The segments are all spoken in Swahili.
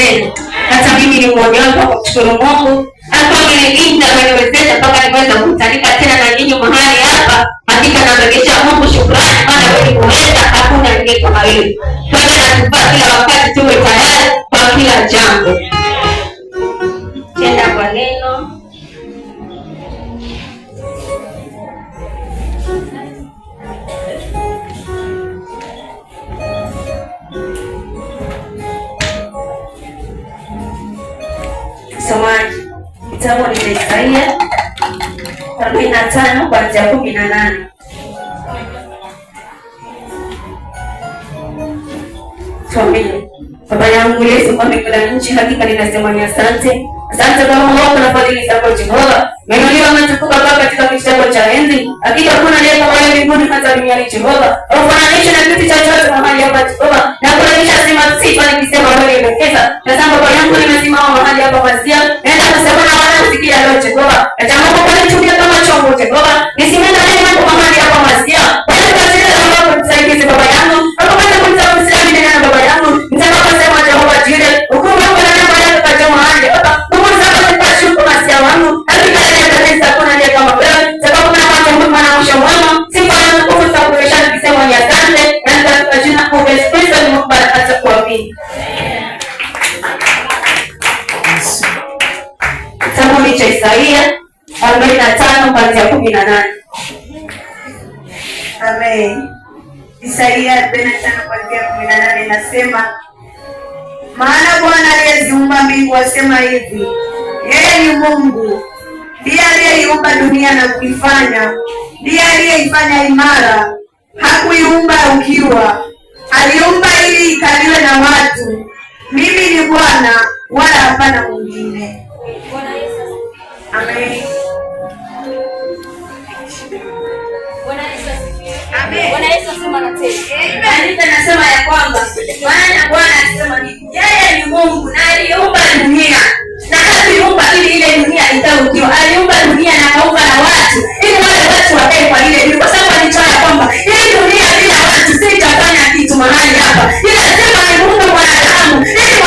zenu. Hata mimi ni mmoja wapo kwa kushukuru Mungu akagiliginda ameniwezesha mpaka niweza kutanika tena na nyinyi mahali hapa. Hakika namregesha Mungu shukrani, maana ulipoweza hakuna aliye hivi. wewe. Kwa kila wakati tuwe tayari kwa kila jambo. Isaia arobaini na tano kuanzia kumi na nane. Baba yangu Yesu, kwa mbingu na nchi, hakika ninasema ni asante. Asante kwa Mungu wako na fadhili zako Jehova. Neno lako kwa katika kiti chako cha enzi. Hakika hakuna aliye kama wewe mbinguni hata duniani Jehova. Ufananishwe na kitu chochote mahali hapa Jehova. Na kuna kisha sema sifa nikisema wewe elekeza. Tazama Baba yangu nimesimama mahali hapa kwa anasema, maana Bwana aliyeziumba mbingu asema hivi, yeye ni Mungu, ndiye aliyeiumba dunia na kuifanya, ndiye aliyeifanya imara, hakuiumba ukiwa, aliumba ili ikaliwe na watu. Mimi ni Bwana, wala hapana mwingine. Amen. Bwana Yesu asema na tena. Maandiko yanasema ya kwamba maana Bwana anasema yeye ni Mungu na aliumba dunia na hakuiumba ili ile dunia itaukiwa. Aliumba dunia na akaumba na watu ili wale watu wakae kwa ile dunia, kwa sababu alijua ya kwamba ili dunia bila watu sitafanya kitu mahali hapa. Ila sema aliumba mwanadamu ili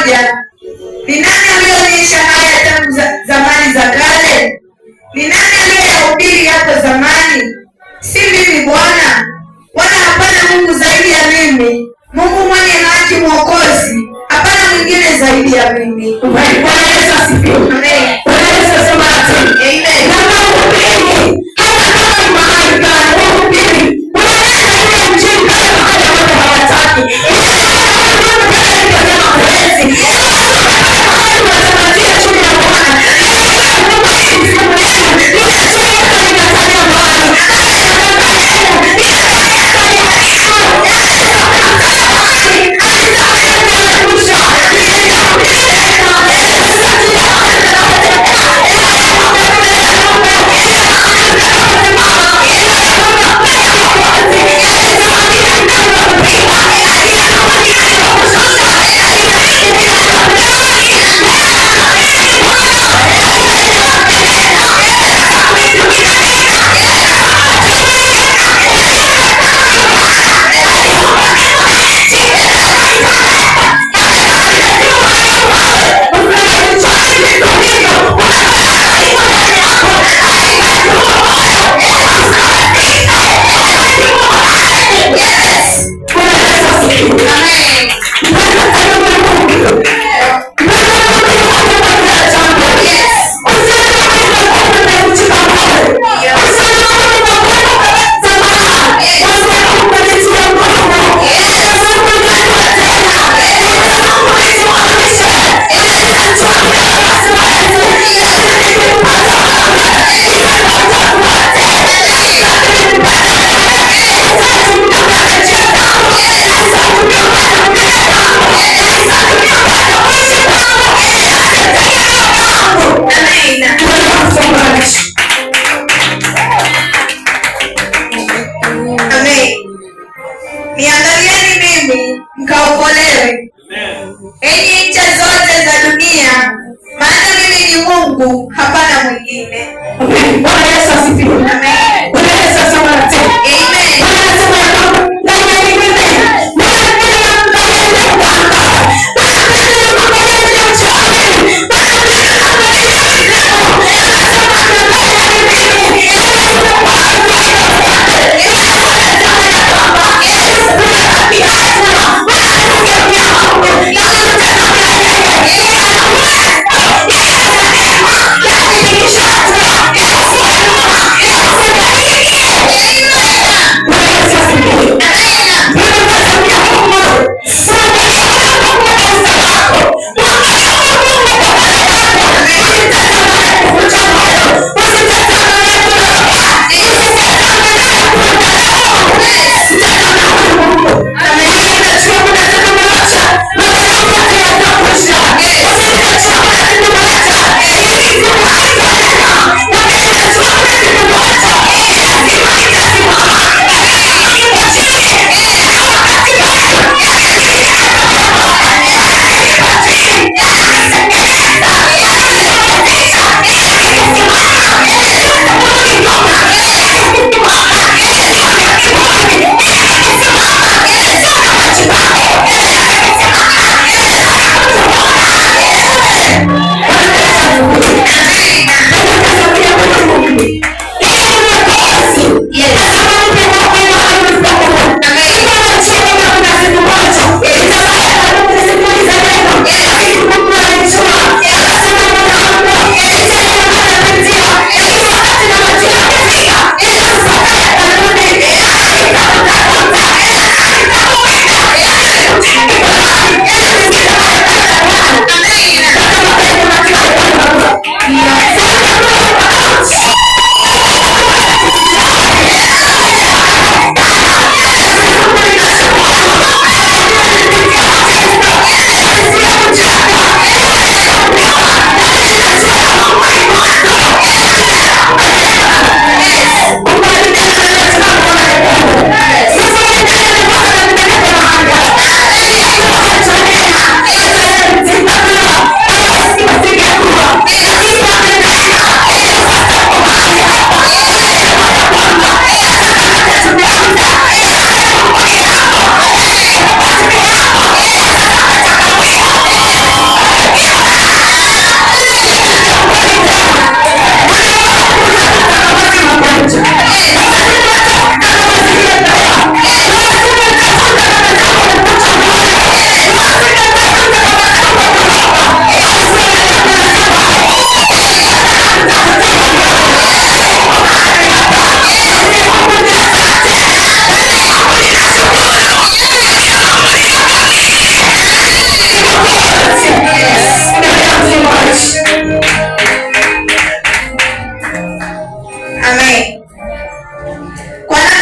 moja. Ni nani aliyoonyesha haya tangu zamani za kale? Ni nani aliyeyahubiri hapo zamani? Si mimi Bwana.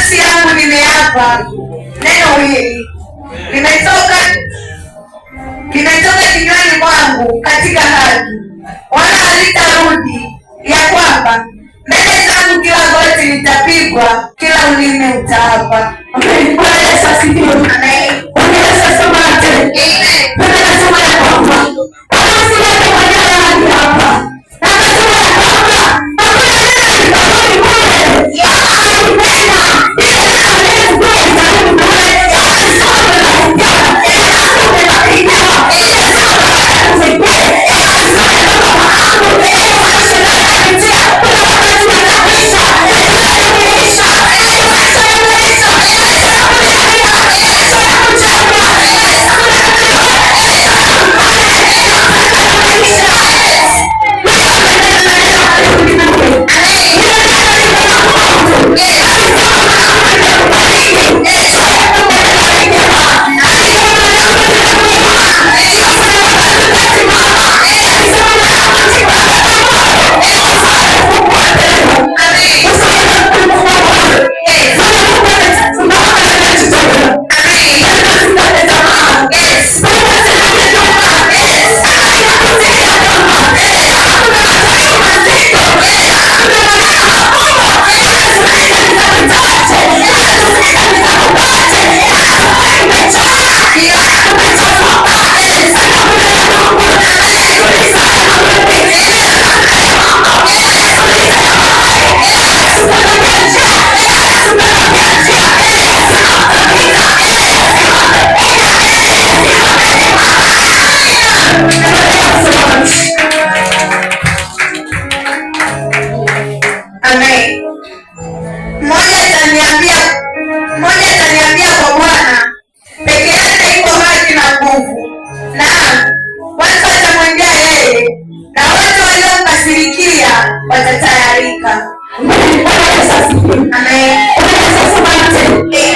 nafsi yangu nimeapa neno hili limetoka limetoka kinywani mwangu katika haki, wala halitarudi, ya kwamba mbele zangu kila goti litapigwa, kila ulimi utaapa. Amen. Amén.